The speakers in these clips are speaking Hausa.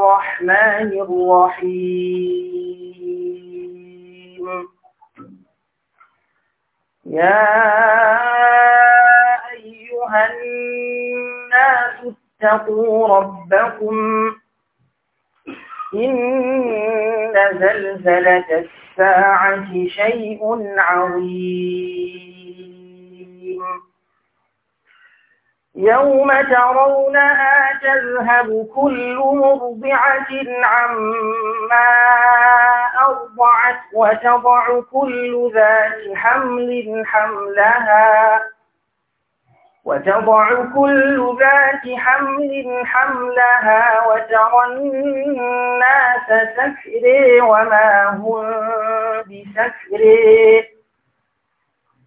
الرحمن الرحيم يا أيها الناس اتقوا ربكم إن زلزلة الساعة شيء عظيم يوم ترونها تذهب كل مرضعة عما أرضعت وتضع كل ذات حمل حملها وتضع كل ذات حمل حملها وترى الناس سكري وما هم بسكري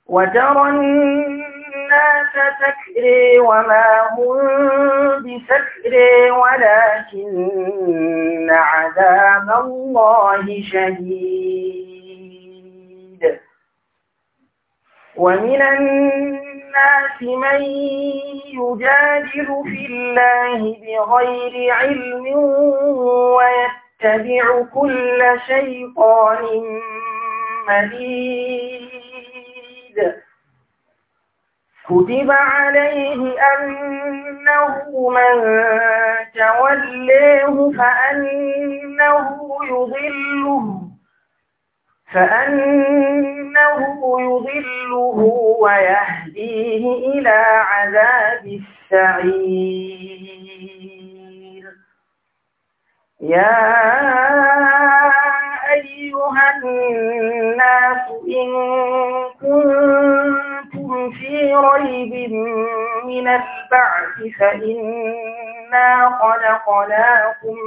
وترى الناس الناس سكري وما هم بسكري ولكن عذاب الله شديد ومن الناس من يجادل في الله بغير علم ويتبع كل شيطان مريد كتب عليه أنه من توليه فأنه يضله فأنه يضله ويهديه إلى عذاب السعير يا أيها الناس إن كنتم كنتم في ريب من البعث فإنا خلقناكم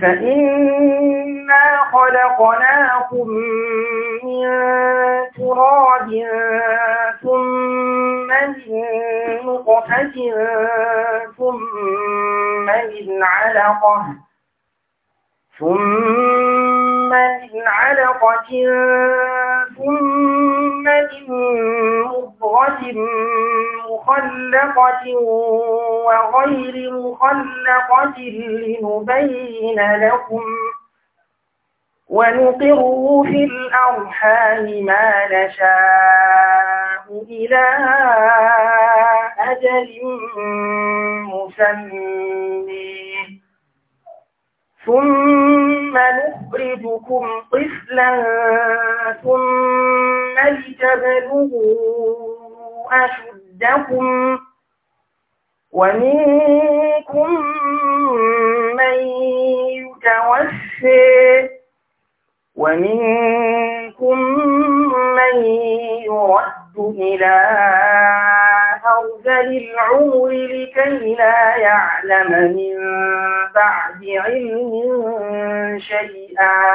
فإنا خلقناكم من تراب ثم من نطفة ثم من علقة ثم من علقة ثم من مضغة مخلقة وغير مخلقة لنبين لكم ونقر في الأرحام ما نشاء إلى أجل مسمي ثم نخرجكم طفلا ثم لتبلغوا أشدكم ومنكم من يتوفي ومنكم من يرد إلى أرذل للعمر لكي لا يعلم من بعد علم شيئا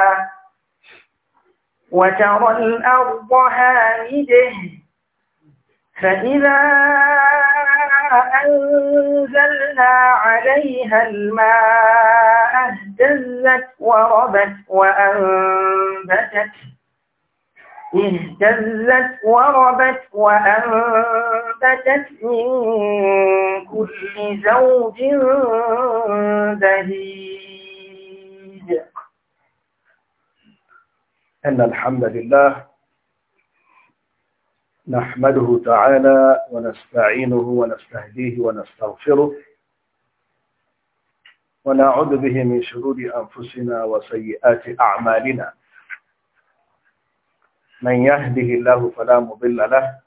وترى الأرض هامده فإذا أنزلنا عليها الماء اهتزت وربت وأنبتت اهتزت وربت وأنبتت من كل زوج بهيج إن الحمد لله نحمده تعالى ونستعينه ونستهديه ونستغفره ونعوذ به من شرور أنفسنا وسيئات أعمالنا من يهده الله فلا مضل له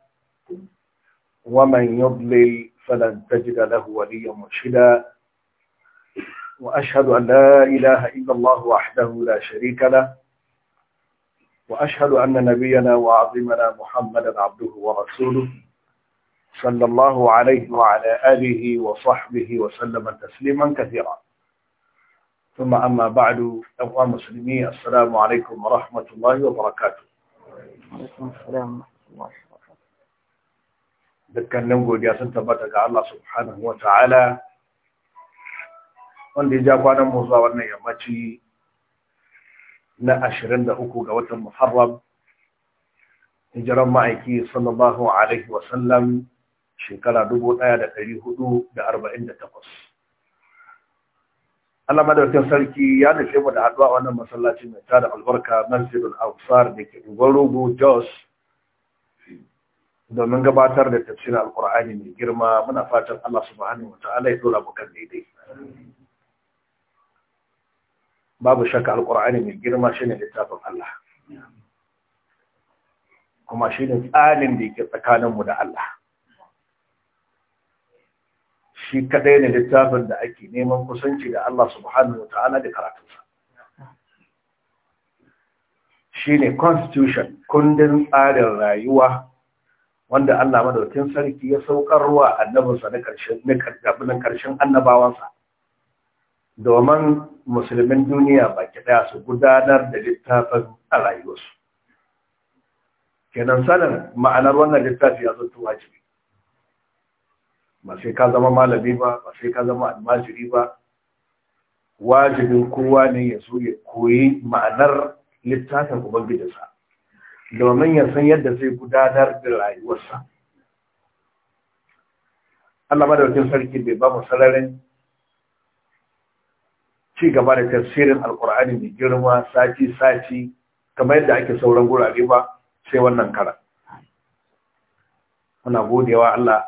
ومن يضلل فلن تجد له وليا مرشدا وأشهد أن لا إله إلا الله وحده لا شريك له وأشهد أن نبينا وعظمنا محمدا عبده ورسوله صلى الله عليه وعلى آله وصحبه وسلم تسليما كثيرا ثم أما بعد اخوان مسلمي السلام عليكم ورحمة الله وبركاته Dukkanin godiya sun tabbata ga Allah subhanahu wa ta'ala wanda ya ja kwanan mu zuwa wannan yammaci na 23 ga watan Muharram hijiran ma'aiki sallallahu alaihi wa sallam shekara 1448 Allah madaukakin sarki ya nufi mu da haɗuwa a wannan masallaci mai tada albarka Masjid Al-Aqsar da ke Ugon Rogo Jos domin gabatar da tafsirin al Al-Qur'ani mai girma muna fatan Allah subhanahu wa ta'ala ya dora mu kan daidai. Babu shakka Al-Qur'ani mai girma shine littafin Allah. Kuma shine tsarin da yake tsakaninmu da Allah. shi kadai ne littafin da ake neman kusanci da Allah subhanahu wa ta'ala da karatunsa shi ne constitution kundin tsarin rayuwa wanda Allah madaukin sarki ya saukarwa annabinsa na karshen annabawansa domin musulmin duniya baki daya su gudanar da littafin a rayuwarsu kenan sanin ma'anar wannan littafi ya zanto wajibi ba sai ka zama malami ba ba sai ka zama almajiri ba wajibin kowa ne ya so ya koyi ma'anar littafin ubangijinsa domin ya san yadda zai gudanar da rayuwarsa Allah madaukin sarki bai ba mu sararin ci gaba da tafsirin alkur'ani mai girma sati-sati kamar yadda ake sauran gurare ba sai wannan kara muna godewa Allah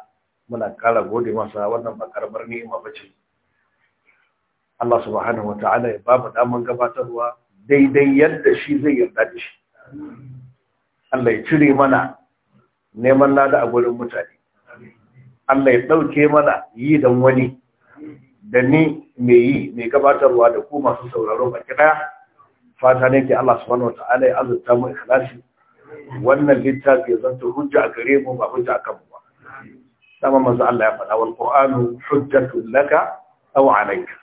muna ƙara gode masa wannan ba ne ni'ima ba ce Allah subhanahu wa ta'ala ya ba mu daman gabatarwa daidai yadda shi zai yarda da shi Allah ya cire mana neman lada a gurin mutane Allah ya dauke mana yi don wani da ni mai yi mai gabatarwa da ku masu sauraro baki ɗaya fata ne ke Allah subhanahu Ta'ala ya azurta mu ikhlasi wannan littafi ya zanto hujja a gare mu ba hujja a kanmu dama manzo Allah ya faɗa wal qur'anu hujjatun laka aw alayka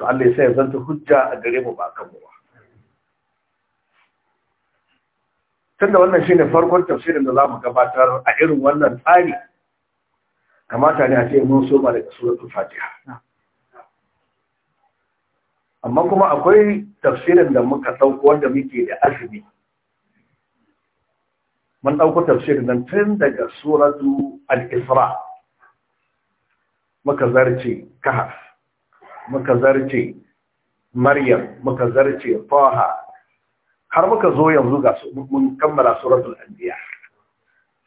to Allah ya ya zanta hujja a gare mu ba kan mu ba tunda wannan shine farkon tafsirin da zamu gabatar a irin wannan tsari kamata ne a ce mun soma daga suratul fatiha amma kuma akwai tafsirin da muka ɗauko wanda muke da azumi mun ɗauko tafsirin nan tun daga suratu al-isra muka zarce kahf muka zarce maryam muka zarce taha har muka zo yanzu ga mun kammala al anbiya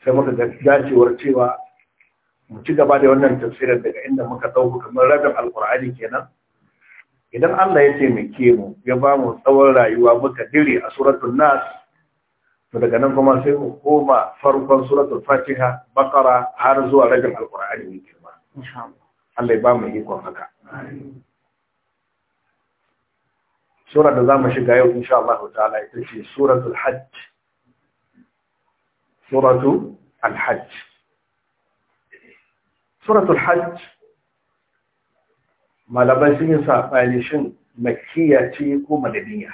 sai muka dacewar cewa mu ci gaba da wannan tafsirin daga inda muka ɗauko kamar rabin Al-Qur'ani kenan idan Allah ya taimake mu ya ba mu tsawon rayuwa muka dire a suratul nas to daga nan kuma sai mu koma farkon suratul fatiha bakara har zuwa rajin alkur'ani mai girma Allah ya ba mu ikon haka sura da zamu shiga yau insha Allah ta'ala ita ce suratul hajj suratu al-hajj suratul hajj sun yi saɓani shin makkiya ce ko madaniya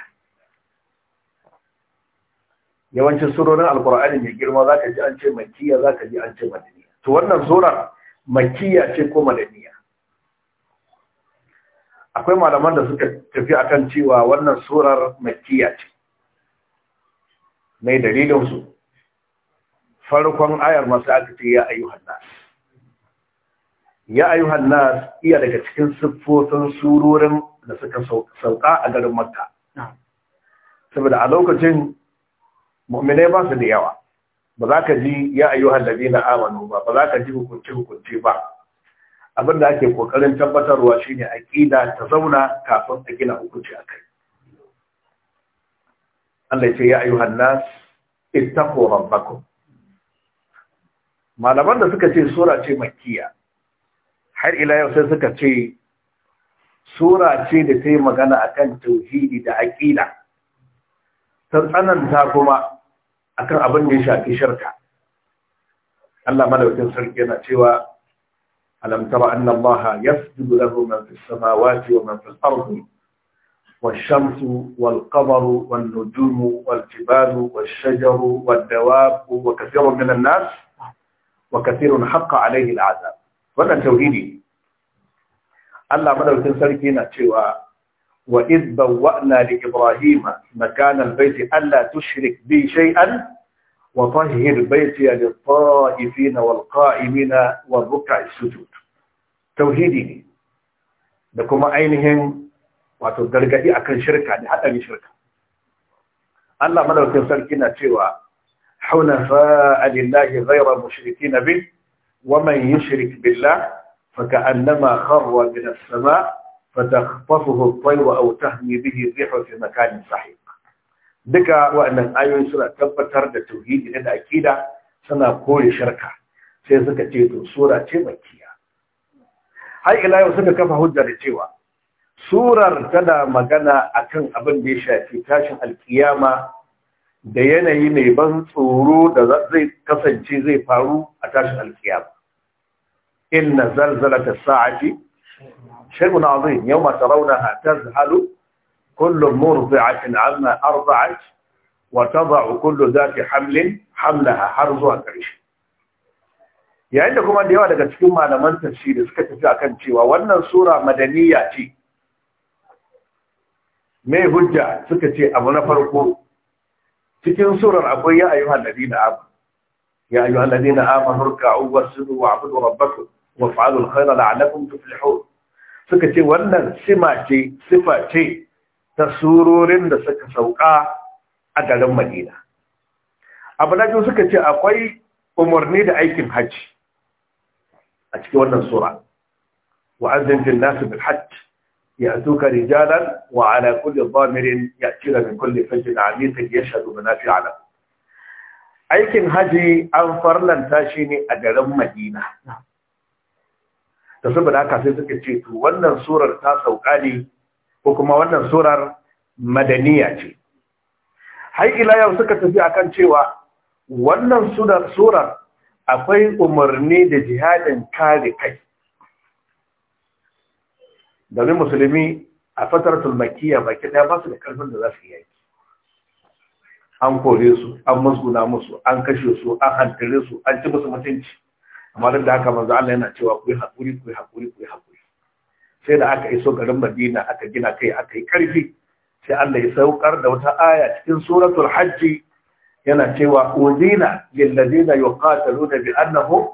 yawancin surorin alkur'ani mai girma zaka ji an ce Za zaka ji an ce madaniya to wannan sura makiyya ce ko madaniya akwai malaman da suka tafi akan cewa wannan surar makiyya ce mai dalilin su farkon ayar masu aka ce ya ayyuhan nas ya ayyuhan nas iya daga cikin siffofin surorin da suka sauka a garin makka saboda a lokacin mu'minai ba su da yawa ba za ka ji ya da na amanu ba ba za ka ji hukunci hukunci ba abin da ake kokarin tabbatarwa shine aƙida ta zauna kafin a gina hukunci kai. Allah ya ce ya ayyuhan nas ittaqu rabbakum malaman da suka ce sura ce makkiya har ila yau sai suka ce sura ce da ta yi magana akan tauhidi da aƙida ta tsananta kuma akan abin da ya shafi shirka Allah madaukakin sarki yana cewa alam tara anna Allah yasjudu lahu man fis samawati wa man fil ardi والشمس والقمر والنجوم والجبال والشجر والدواب وكثير من الناس وكثير حق عليه العذاب wannan tauhidi Allah madaukakin sarki yana cewa وإذ بوأنا لإبراهيم مكان البيت ألا تشرك بي شيئا وطهر بيتي للطائفين والقائمين والركع السجود توحيدي لكم أينهم وتدرجي أكن شركة حتى لشركة الله ملو تنسلكنا سوى حنفاء لله غير مشركين به ومن يشرك بالله فكأنما خر من السماء فتخطفه الطير أو تهمي به الريح في مكان سحيق duka waɗannan ayoyi suna tabbatar da tauhidi da akida suna kore sharka, sai suka ce to sura ce makkiya yau suka kafa hujja cewa surar tana magana akan abin da ya shafi tashin alkiyama da yanayi mai ban tsoro da zai kasance zai faru a tashin alkiyama inna zalzalata sa'ati شيء عظيم يوم ترونها تذهل كل مرضعة عما أرضعت وتضع كل ذات حمل har zuwa كريش yayin da kuma da yawa daga cikin malaman tafsiri suka tafi akan cewa wannan sura madaniya ce mai hujja suka ce abu na farko cikin surar akwai ya ayyuhan ladina amanu ya ayyuhan ladina amanu ruk'u wasjudu wa'budu rabbakum waf'alul khayra la'allakum tuflihun suka ce wannan sima ce sifa ce ta surorin da suka sauka a garin madina abu na biyu suka ce akwai umarni da aikin hajji a cikin wannan sura wa azin fil nasu bil hajj kulli رجالا ya كل min kulli من كل ya عميق يشهد منافع له aikin hajji an farlanta shi ne a garin madina da saboda haka sai suka ce to wannan surar ta sauka ne ko kuma wannan surar madaniya ce har ila yau suka tafi akan cewa wannan surar akwai umarni da jihadin kare kai domin musulmi a fatar tulmakiya baki ɗaya ba su da ƙarfin da za su yi. an kore su an musguna musu an kashe su an hantare su an ci musu mutunci amma duk da haka manzo Allah yana cewa ku hakuri ku hakuri ku hakuri sai da aka iso garin Madina aka gina kai aka yi karfi sai Allah ya saukar da wata aya cikin suratul hajji yana cewa udina lil ladina yuqataluna bi annahum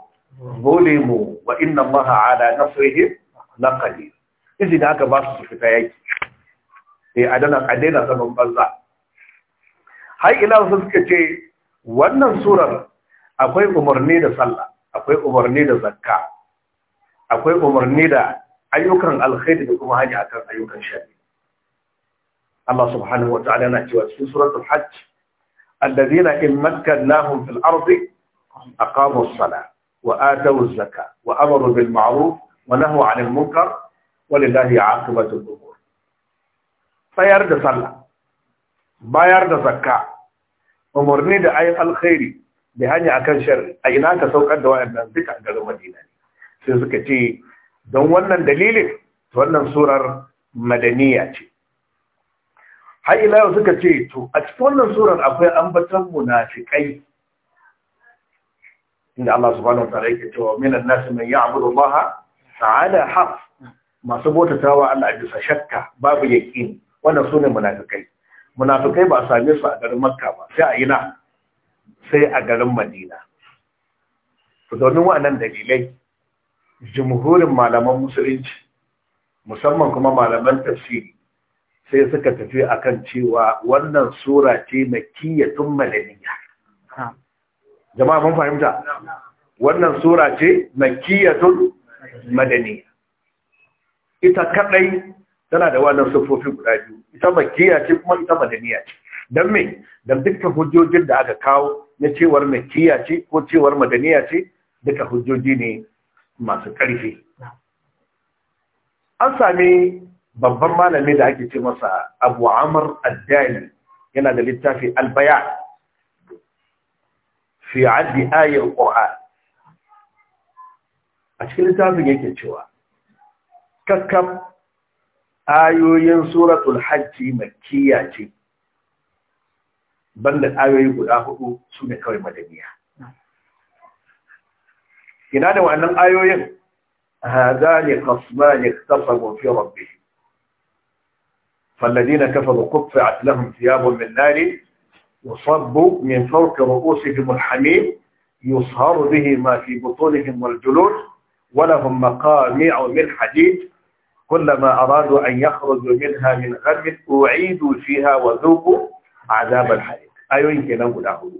zulimu wa inna allaha ala nasrihim laqadir idan aka ba su fita yaki sai eh, adana adena sabon banza har ila su suka ce wannan surar akwai umarni da sallah akwai umarni da zakka akwai umarni da ayyukan alkhairi da kuma haji akan ayyukan shari Allah subhanahu wa ta'ala yana cewa cikin suratul hajj alladhina in makkannahum fil ardi aqamu as-salah wa atu az zakka, wa amaru bil ma'ruf wa nahu 'anil munkar walillahi 'aqibatul umur tsayar da sallah bayar da zakka umarni da ayyukan alkhairi bi hanya akan shar a ina ka saukar da waɗannan duka a garin Madina sai suka ce don wannan dalilin wannan surar madaniya ce har ila yau suka ce to a cikin wannan surar akwai ambaton munafikai inda Allah subhanahu wa ta'ala yake cewa minan nas man ya'budu Allah ta'ala haq masu bautatawa Allah bisa shakka babu yaqini wannan sune munafikai munafikai ba a same su a garin Makka ba sai a ina sai a garin madina to domin wa'annan dalilai jumhurin malaman musulunci musamman kuma malaman tafsiri sai suka tafi akan cewa wannan sura ce makiyatun madaniya jama'a mun fahimta wannan sura ce makiyatun madaniya ita kaɗai tana da wannan siffofi guda biyu ita makiya ce kuma ita madaniya ce don me don dukkan hujjojin da aka kawo na cewar makiya ce ko cewar madaniya ce duka hujjoji ne masu ƙarfi an sami babban malami da ake ce masa abu amur addani yana da littafi albaya fi addi ayar ƙo'a a cikin littafin yake cewa kakkam ayoyin suratul hajji makiya ce banda ayoyi guda hudu su ne kawai madaniya ina da wannan ayoyin هذان خصمان اختصموا في ربهم فالذين كفروا قطعت لهم ثياب من نار يصب من فوق رؤوسهم الحميم يصهر به ما في بطونهم والجلود ولهم مقامع من حديد كلما أرادوا أن يخرجوا منها من غم أعيدوا فيها وذوقوا عذاب الحياة ayoyin kenan guda hudu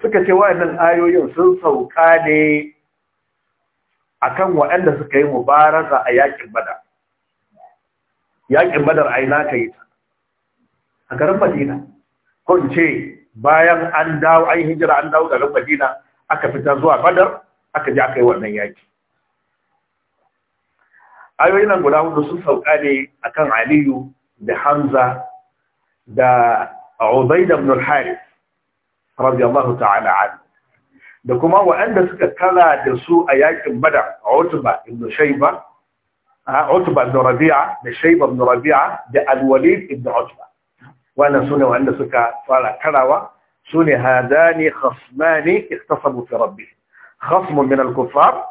suka ce waɗannan ayoyin sun sauka ne akan waɗanda suka yi mubaraka a yakin badar yakin badar a na ka yi ta a garin madina ko in ce bayan an dawo an hijira an dawo garin madina aka fita zuwa badar aka je aka yi wannan yaki ayoyin nan guda hudu sun sauka ne akan aliyu da hamza da Ubaida ibn al-Harith radiyallahu ta'ala anhu da kuma waɗanda suka kala da su a yakin Badar Utba ibn Shayba Utba ibn Rabi'a da Shayba ibn Rabi'a da Al-Walid ibn Utba wannan sune waɗanda suka fara karawa sune hadani khasmani iktasabu fi rabbi khasmun min al-kuffar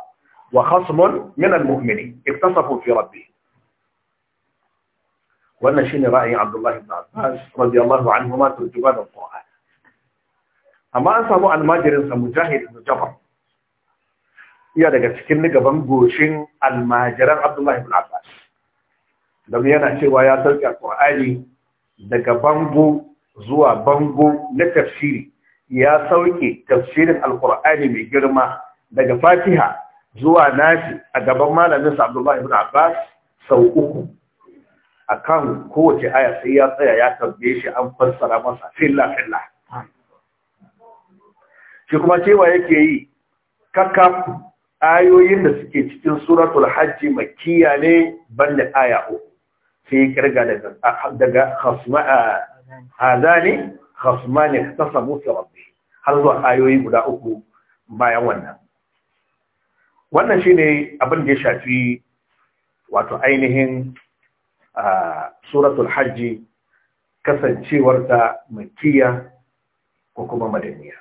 wa khasmun min al-mu'minin iktasabu fi rabbi wannan shine ra'ayin Abdullah ibn Abbas radiyallahu anhu ma turjuba da Qur'an amma an samu almajirin sa Mujahid ibn Jabr iya daga cikin gaban goshin almajiran Abdullah ibn Abbas dan yana cewa ya sauke Qur'ani daga bango zuwa bango na tafsiri ya sauke tafsirin alqur'ani mai girma daga Fatiha zuwa nashi a gaban malamin sa Abdullahi ibn Abbas sau uku akan kowace aya sai ya tsaya ya tambaye shi an fassara masa filla filla shi kuma cewa yake yi kaka ayoyin da suke cikin suratul hajji makiya ne banda aya uku sai kirga daga daga khasma hadani khasmani tasabu rabbi har zuwa ayoyi guda uku bayan wannan wannan shine abin da ya shafi wato ainihin a suratul hajji kasancewarta makiya ko kuma madaniya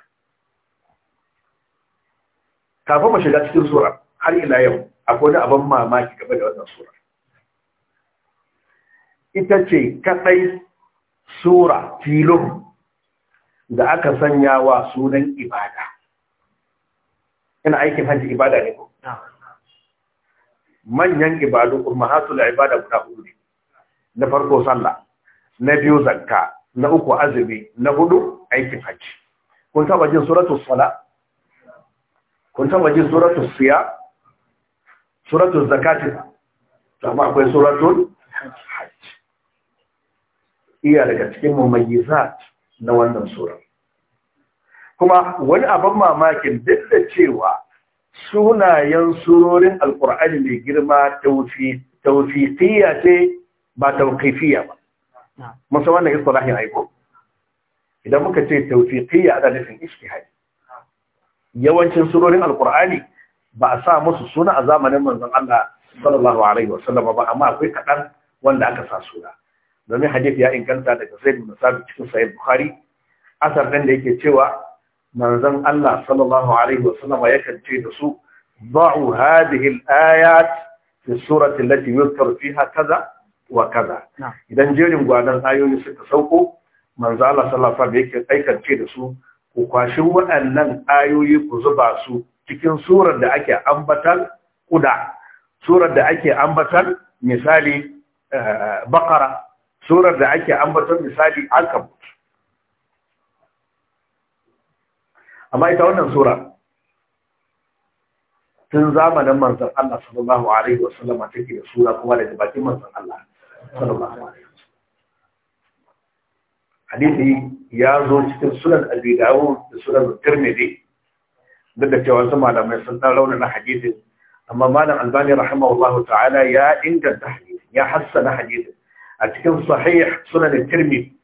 kafin mu shiga cikin sura har ila yau akwai abin mamaki gaba da wannan sura ita ce kadai sura filin da aka sanya wa sunan ibada ina aikin hajji ibada ne ko manyan ibadu ummahatul ibada guda hudu ne na farko sallah na biyu zakka na uku azumi na hudu aikin hajji kun taba jin suratul sala kun taba jin suratul siya suratul zakati amma akwai suratul hajj iya daga cikin mumayyizat na wannan sura kuma wani abin mamakin duk da cewa sunayen surorin alkur'ani mai girma tawfiqiyya ce ba tawqifiyya ba musa wannan istilahin aiko idan muka ce tawfiqiyya ana nufin ijtihadi yawancin surorin alqur'ani ba a sa musu suna a zamanin manzon Allah sallallahu alaihi wasallam ba amma akwai kaɗan wanda aka sa suna domin hadisi ya inganta daga Zaid bin Sabit cikin Sahih Bukhari asar ɗin da yake cewa manzan Allah sallallahu alaihi wasallam yakan ce da su ضعوا هذه الآيات في السورة التي يذكر فيها كذا wa kaza idan jerin gwanan ayoyi suka sauko manzo Allah sallallahu alaihi wasallam yake aikance da su ku kwashi waɗannan ayoyi ku zuba su cikin surar da ake ambatar kuda surar da ake ambatar misali eh, baqara surar da ake ambatar misali alkabut amma ita wannan sura tun zamanin manzon Allah sallallahu alaihi wasallam take da sura kuma da bakin manzon Allah صلى الله عليه وسلم hadisi ya zo cikin sunan abi dawud da sunan tirmidhi duk da cewa su malamai sun dan raunana hadisin amma malam albani rahimahullahu ta'ala ya inganta hadisin ya hassana hadisin a cikin sahih sunan tirmidhi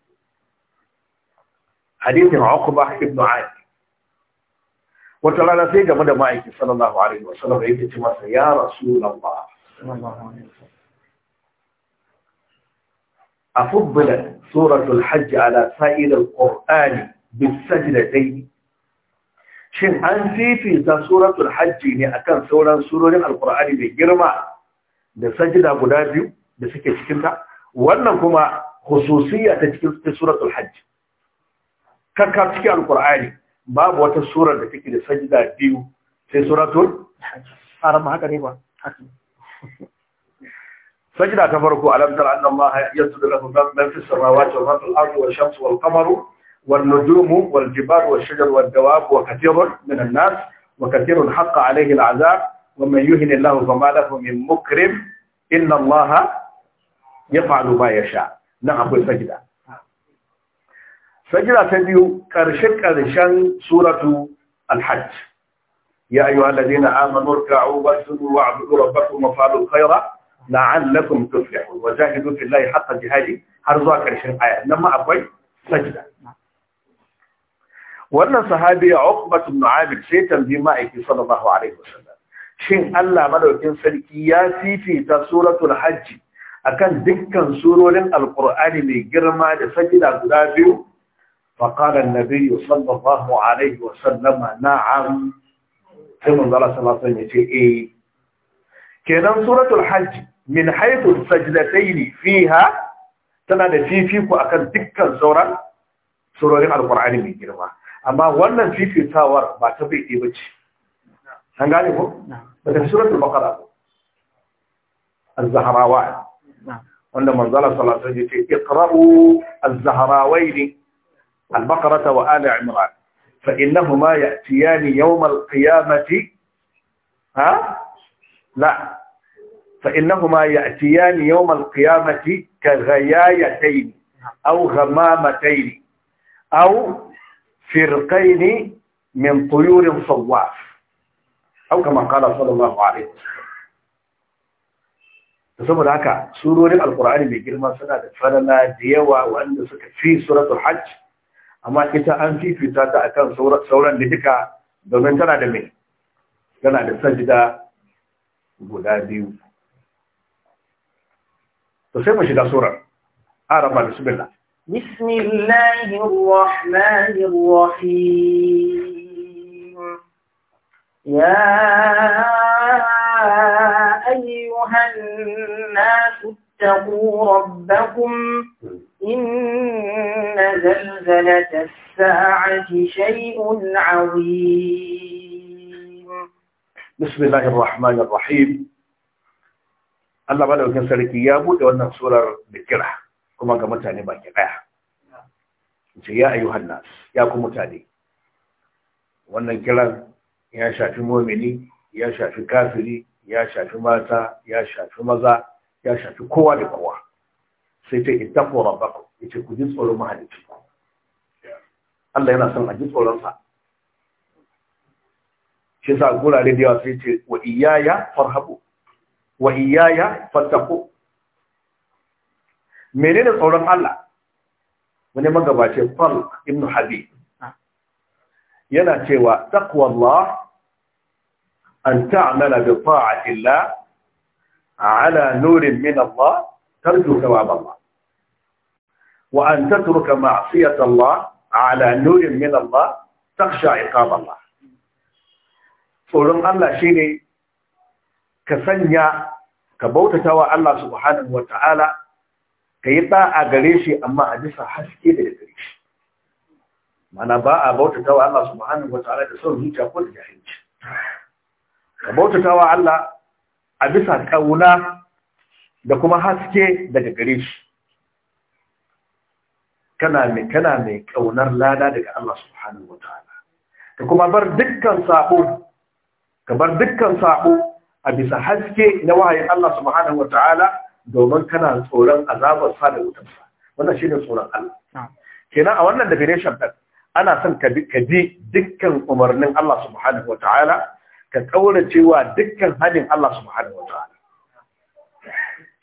hadisin uqba ibn aad wata rana sai game da ma'aiki sallallahu alaihi wasallam ya ce masa ya rasulullah sallallahu alaihi أفضلت سورة الحج على سائر القرآن بالسجدتين shin an fifita suratul hajji ne akan sauran surorin alkur'ani mai girma da sajida guda biyu da suke cikinta wannan kuma hususiyya ta cikin suratul hajji kakka cikin alkur'ani babu wata surar da take da sajida biyu sai haka ne ba سجدة كفركوا ألم تر أن الله يسجد له من في السماوات والأرض الأرض والشمس والقمر والنجوم والجبال والشجر والدواب وكثير من الناس وكثير حق عليه العذاب ومن يهن الله فما له من مكرم إن الله يفعل ما يشاء نعم السجدة سجدة تبيو كرشك أذشان سورة الحج يا أيها الذين آمنوا اركعوا واسجدوا واعبدوا ربكم وفعلوا الخير la'allakum tuflihun wa jahidu fillahi haqqa jihadi har zuwa karshen aya nan ma akwai sajda wannan sahabi Uqbat ibn Amir sai tambayi ma'aiki sallallahu alaihi wasallam shin Allah madaukin sarki ya fifita suratul hajj akan dukkan surorin alqur'ani mai girma da sajda guda biyu فقال النبي صلى الله عليه وسلم نعم sai manzala sallallahu alaihi wasallam ya ce eh kenan suratul hajj من حيث السجلتين فيها تنا في فيكو أكن دكا سورا سورين القرآن من جنوا أما وانا في في تاور ما تبي إيوش هنغاني هو نعم. بدل سورة البقرة الزهراوان نعم. وانا منزل صلى الله عليه الزهراوين البقرة وآل عمران فإنهما يأتيان يوم القيامة ها لا فإنهما يأتيان يوم القيامة كغيايتين أو غمامتين أو فرقين من طيور صواف أو كما قال صلى الله عليه وسلم saboda haka surorin alkur'ani mai girma suna da falala da yawa wanda suka fi suratul hajj amma ita an fifita ta akan sauran da duka domin tana da da sajida guda biyu to sai بسم الله الرحمن الرحيم يا أيها الناس اتقوا ربكم إن زلزلة الساعة شيء عظيم بسم الله الرحمن الرحيم Allah madaukakin sarki ya bude wannan surar da kira kuma ga mutane baki daya ce ya ayyuhan nas ya ku mutane wannan kiran ya shafi mu'mini ya shafi kafiri ya shafi mata ya shafi maza ya shafi kowa da kowa sai ta ittaqu rabbakum yace ku ji tsoro mahalicci Allah yana son a ji tsoron sa shi sa gurare da yawa sai ce wa iyaya farhabu wa iyaya fattako menene tsoron Allah wani magabace Farq ibn Habib yana cewa taqwallah an ta'mala bi ta'ati Allah ala nurin min Allah tarju thawab Allah wa an tatruka ma'siyata Allah ala nurin min Allah takhsha iqab Allah tsoron Allah shine ka sanya ka bautata wa Allah subhanahu wa ta'ala ka yi ɗa'a gare shi amma a bisa haske daga gare shi mana ba a bautata wa Allah subhanahu wa ta'ala da son zuciya ko da jahilci ka bautata wa Allah a bisa ƙauna da kuma haske daga gare shi kana mai kana mai ƙaunar lada daga Allah subhanahu wa ta'ala ka kuma bar dukkan sa’o ka bar dukkan sa’o a bisa haske na wahayin Allah subhanahu wataala domin kana tsoron azabar sa da wutar sa wannan ne tsoron Allah kenan a wannan definition ɗin ana son ka bi dukkan umarnin Allah subhanahu wataala ka kaurace cewa dukkan hadin Allah subhanahu wataala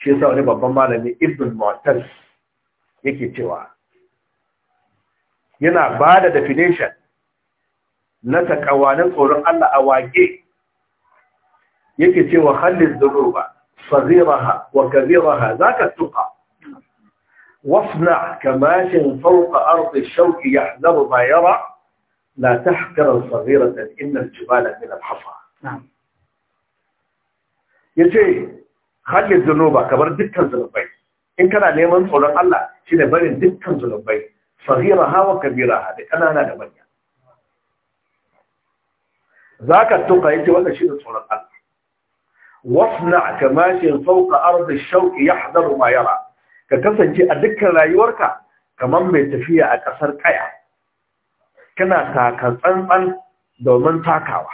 shi yasa wani babban malami Ibn Mu'taz yake cewa yana ba da definition na takawanin tsoron Allah a wage yake ce wa ba zuruba, saziraha wa kabiraha za ka tuka, wasna kamashin sauka arzai shauki ya zama bayara na ta hakarar saziran da inar jibala min alhafa. Ya ce, halin zuruba kamar dukkan zurubai, in kana neman tsoron Allah shi ne barin dukkan zurubai, saziraha wa kabiraha da ƙanana da manya. Za ka tuka yake wata shi da tsoron Allah. wasna kamashin fauka ardi shauqi yahdaru ma yara ka kasance a dukkan rayuwarka kamar mai tafiya a ƙasar kaya kana taka tsantsan domin takawa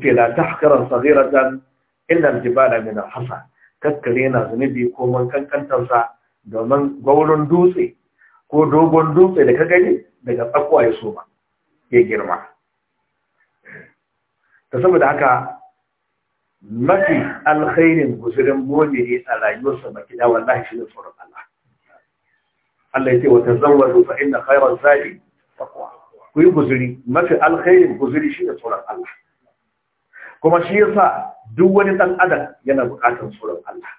ce la tahqiran saghiratan illa aljibala min alhasa kaskare na zunubi ko man kankantarsa domin gaurin dutse ko dogon dutse da ka gani daga tsakuwa ya soma ya girma ta saboda haka mafi alkhairin guzurin mumini a rayuwarsa baki da wallahi shi ne tsoron Allah Allah ya ce wata zanwar rufa inda khairar zadi taqwa ku yi guzuri mafi alkhairin guzuri shi ne tsoron Allah kuma shi ya sa duk wani ɗan adam yana bukatar tsoron Allah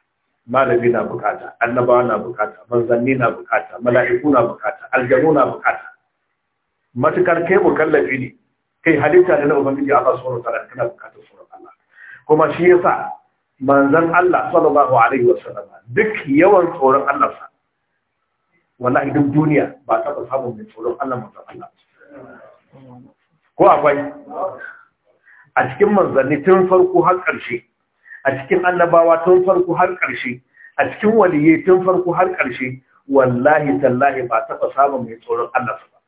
malami na bukata annabawa na bukata manzanni na bukata mala'iku na bukata aljanu na bukata matukar kai kallafi ne kai halitta da na ubangiji Allah subhanahu wa ta'ala kana bukatar tsoron kuma shi yasa manzon Allah sallallahu alaihi wasallam duk yawan tsoron Allah sa wallahi duk duniya ba ta samu mai tsoron Allah manzon Allah ko akwai a cikin manzanni tun farko har ƙarshe a cikin annabawa tun farko har ƙarshe a cikin waliyai tun farko har ƙarshe wallahi tallahi ba taɓa samun mai tsoron Allah ba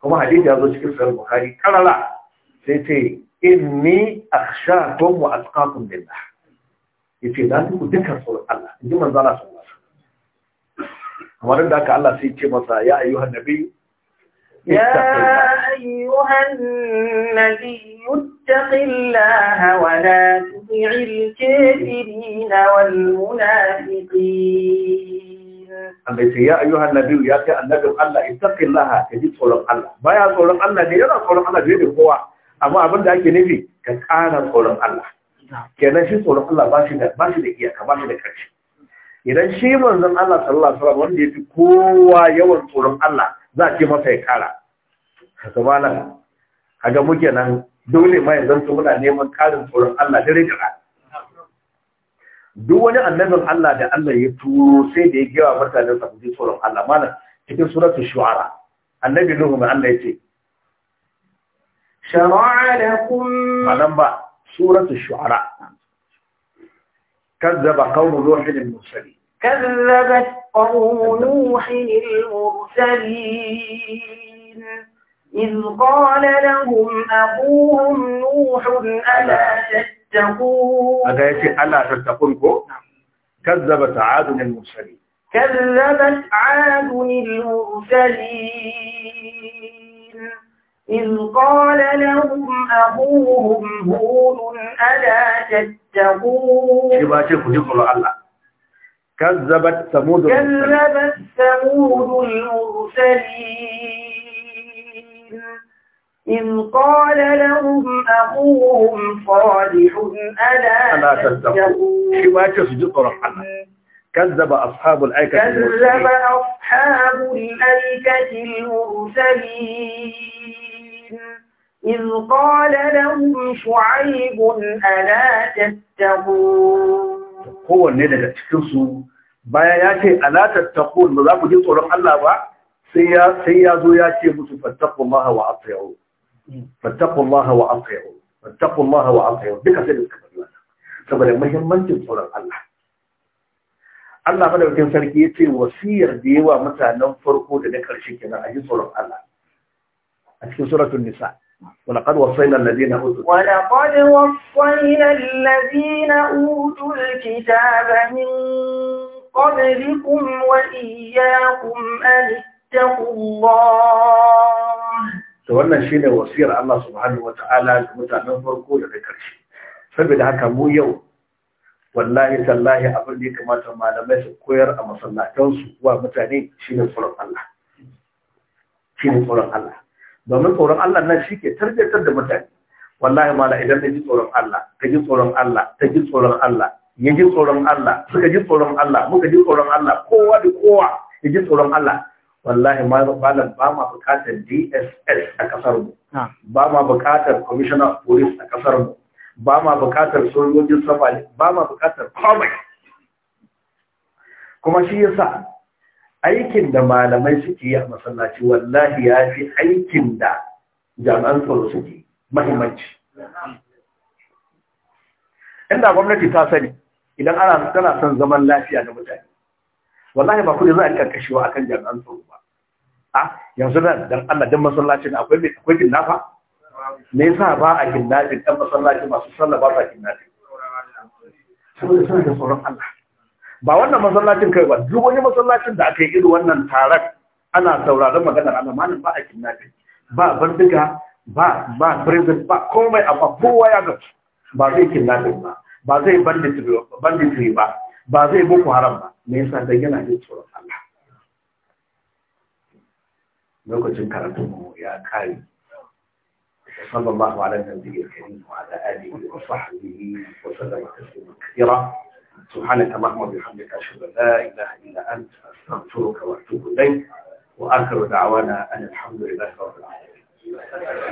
kuma hadisi ya zo cikin sahih bukhari karara sai ce إني أخشاكم وأتقاكم لله في ذاتك ذكر صلى الله عليه وسلم ذكر صلى الله عليه وسلم أمر الله سيكي يا أيها النبي يا أيها النبي اتق الله ولا تطع الكافرين والمنافقين يا أيها النبي يا أيها النبي الله اتق الله يجي صلى الله عليه وسلم ما يا صلى الله عليه وسلم يا صلى الله عليه وسلم amma abin da ake nufi ka ƙara tsoron Allah kenan shi tsoron Allah ba shi da ba shi da iyaka ba shi da ƙarshe idan shi manzon Allah sallallahu alaihi wasallam wanda yafi kowa yawan tsoron Allah za a ce masa ya ƙara haka ba nan kaga muke nan dole ma yanzu su muna neman ƙarin tsoron Allah dare da rana duk wani annabin Allah da Allah ya turo sai da ya gaya mutanen sa su tsoron Allah malam cikin suratul shu'ara annabi Nuhu Allah ya ce شرع لكم ملنبا سورة الشعراء كذب قوم نوح المرسلين كذبت قوم نوح المرسلين إذ قال لهم أبوهم نوح ألا تتقون هذا يأتي ألا تتقون نعم. كذبت عاد المرسلين كذبت عاد المرسلين إذ قال لهم أخوهم هون ألا تتقون كذبت ثمود كذبت ثمود المرسلين إذ قال لهم أخوهم صالح ألا تتقون كذب أصحاب الأيكة كذب أصحاب الأيكة المرسلين إذ قال لهم شعيب ألا تتقون هو نيدا تكنسو baya ya ce a ta tafiya ba za ku ji tsoron Allah ba sai ya zo ya ce musu fattakun mahawa a tsayau fattakun mahawa a tsayau fattakun mahawa a tsayau duka sai suka fi saboda mahimmancin tsoron Allah Allah fada wajen sarki ya ce wasiyar da yawa mutanen farko da na karshe kenan a ji tsoron Allah a cikin suratun nisa ولقد وصينا الذين أوتوا ولقد وصينا الذين أوتوا الكتاب من قبلكم وإياكم أن اتقوا الله wannan shine wasiyar Allah subhanahu wataala ga mutanen farko da ƙarshe saboda haka mu yau wallahi tallahi abin da ya kamata malamai su koyar a masallatansu wa mutane shine tsoron Allah shine tsoron Allah domin tsoron Allah nan shi ke tarbiyyar da mutane wallahi mala idan ta ji tsoron Allah ta ji tsoron Allah ta ji tsoron Allah ya ji tsoron Allah suka ji tsoron Allah muka ji tsoron Allah kowa da kowa ya ji tsoron Allah wallahi malam ba ma bukatar DSS a kasar mu ba ma bukatar commissioner of police a kasar mu ba ma bukatar sojojin safali ba ma bukatar komai kuma shi yasa aikin da malamai suke yi a masallaci wallahi ya fi aikin da jami'an tsaro suke mahimmanci inda gwamnati ta sani idan ana tana son zaman lafiya da mutane wallahi ba kudi za a karkashi wa akan jami'an tsaro ba a yanzu nan dan Allah dan masallacin akwai mai akwai kinnafa me yasa ba a kinnafi dan masallaci masu sallah ba sa kinnafi saboda suna da tsoron Allah ba wannan masallacin kai ba duk wani masallacin da aka yi irin wannan taron ana sauraron maganar Allah malam ba a kinnafi ba bandiga ba ba prison ba komai a kowa ya ga ba zai kinnafi ba ba zai banditry ba ba zai boko haram ba me yasa dan yana yin tsoron Allah lokacin karatu mu ya kai sallallahu alaihi wa sallam wa ala alihi wa sahbihi wa sallam taslima kira سبحانك اللهم وبحمدك أشهد أن لا إله إلا أنت أستغفرك وأتوب إليك وآخر دعوانا أن الحمد لله رب العالمين